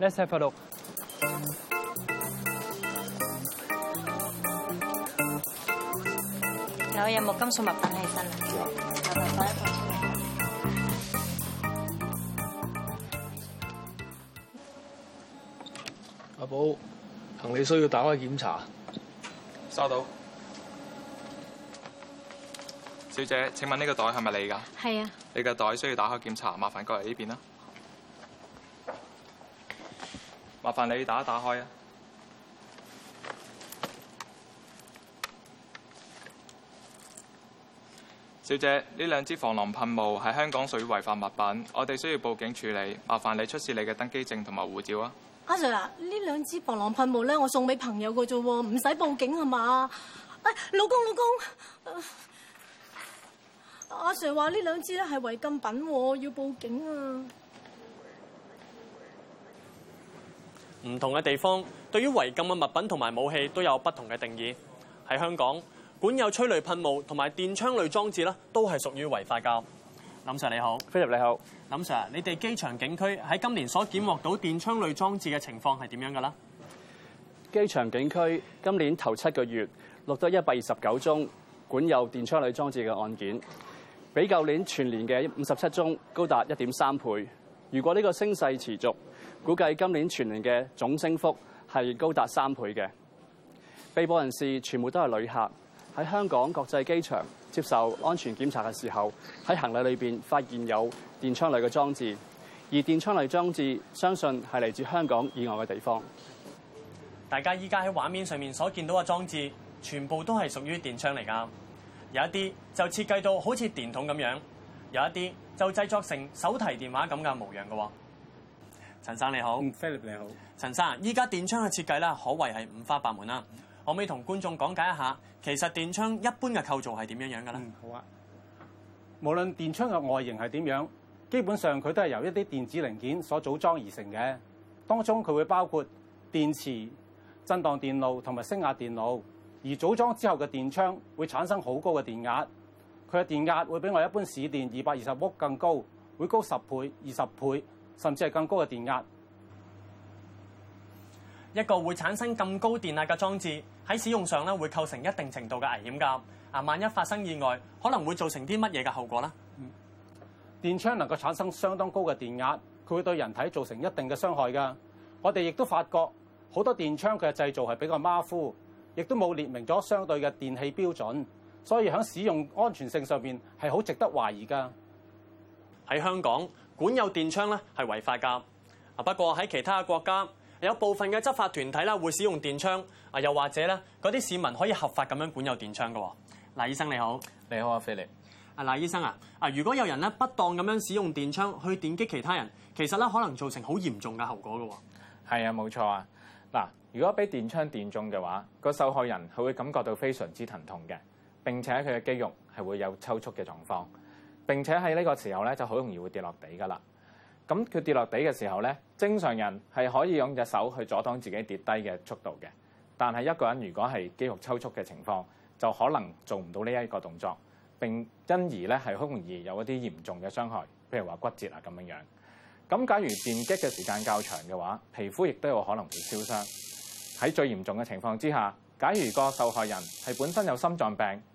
Let's have a look。有有冇金屬物品喺身？Yeah. Bye bye bye. 阿寶，行李需要打開檢查。收到。小姐，請問呢個袋係咪你㗎？係啊。你個袋需要打開檢查，麻煩過嚟呢邊啦。麻煩你打一打開啊，小姐，呢兩支防狼噴霧係香港屬於違法物品，我哋需要報警處理。麻煩你出示你嘅登機證同埋護照啊。阿 Sir，呢兩支防狼噴霧咧，我送俾朋友㗎啫，唔使報警係嘛？誒、哎，老公，老公，阿 Sir 話呢兩支咧係違禁品，要報警啊！唔同嘅地方，對於違禁嘅物品同埋武器都有不同嘅定義。喺香港，管有催淚噴霧同埋電槍類裝置咧，都係屬於違法教。林 Sir 你好，Philip 你好，林 Sir，你哋機場警區喺今年所檢獲到電槍類裝置嘅情況係點樣嘅啦？機場警區今年頭七個月錄得一百二十九宗管有電槍類裝置嘅案件，比舊年全年嘅五十七宗高達一點三倍。如果呢個升勢持續，估計今年全年嘅總升幅係高達三倍嘅。被捕人士全部都係旅客，喺香港國際機場接受安全檢查嘅時候，喺行李裏邊發現有電槍類嘅裝置，而電槍類裝置相信係嚟自香港以外嘅地方。大家依家喺畫面上面所見到嘅裝置，全部都係屬於電槍嚟噶，有一啲就設計到好似電筒咁樣，有一啲。就製作成手提電話咁嘅模樣嘅喎、哦，陳生你好，Philip 你好，陳生，依家電槍嘅設計咧，可謂係五花八門啦。可唔可以同觀眾講解一下，其實電槍一般嘅構造係點樣樣嘅咧？好啊。無論電槍嘅外形係點樣，基本上佢都係由一啲電子零件所組裝而成嘅。當中佢會包括電池、震盪電路同埋升壓電路。而組裝之後嘅電槍會產生好高嘅電壓。佢嘅電壓會比我一般市電二百二十伏更高，會高十倍、二十倍，甚至係更高嘅電壓。一個會產生咁高電壓嘅裝置喺使用上咧，會構成一定程度嘅危險㗎。啊，萬一發生意外，可能會造成啲乜嘢嘅後果呢？嗯，電槍能夠產生相當高嘅電壓，佢會對人體造成一定嘅傷害㗎。我哋亦都發覺好多電槍佢嘅製造係比較馬虎，亦都冇列明咗相對嘅電器標準。所以喺使用安全性上邊係好值得懷疑㗎。喺香港管有電槍咧係違法噶。啊，不過喺其他嘅國家有部分嘅執法團體啦會使用電槍，啊，又或者咧嗰啲市民可以合法咁樣管有電槍㗎。嗱，醫生你好。你好，啊，菲力。啊嗱，醫生啊，啊如果有人咧不當咁樣使用電槍去電擊其他人，其實咧可能造成好嚴重嘅後果㗎。係啊，冇錯啊。嗱，如果俾電槍電中嘅話，個受害人佢會感覺到非常之疼痛嘅。並且佢嘅肌肉係會有抽搐嘅狀況，並且喺呢個時候咧就好容易會跌落地㗎啦。咁佢跌落地嘅時候咧，正常人係可以用隻手去阻擋自己跌低嘅速度嘅，但係一個人如果係肌肉抽搐嘅情況，就可能做唔到呢一個動作，並因而咧係好容易有一啲嚴重嘅傷害，譬如話骨折啊咁樣樣。咁假如電擊嘅時間較長嘅話，皮膚亦都有可能會燒傷。喺最嚴重嘅情況之下，假如個受害人係本身有心臟病，